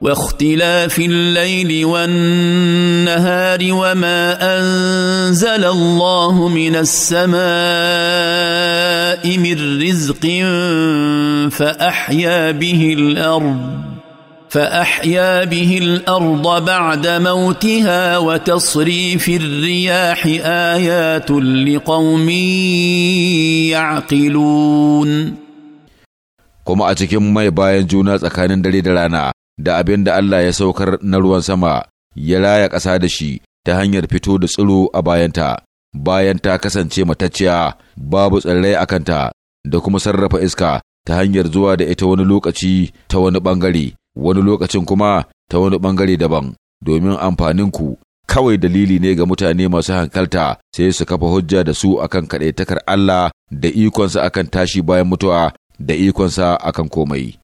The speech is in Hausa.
واختلاف الليل والنهار وما انزل الله من السماء من رزق فاحيا به الارض فاحيا به الارض بعد موتها وتصريف الرياح ايات لقوم يعقلون kuma a cikin mai جونات juna tsakanin dare da abin da Allah ya saukar na ruwan sama ya raya ƙasa da shi ta hanyar fito da tsiro a bayanta, bayan ta kasance matacciya babu tsirrai a kanta da kuma sarrafa iska ta hanyar zuwa da ita wani lokaci ta wani ɓangare, wani lokacin kuma ta wani ɓangare daban, domin amfaninku kawai dalili ne ga mutane masu hankalta sai su kafa hujja da su akan kaɗaitakar Allah da ikonsa akan tashi bayan mutuwa da ikonsa akan komai.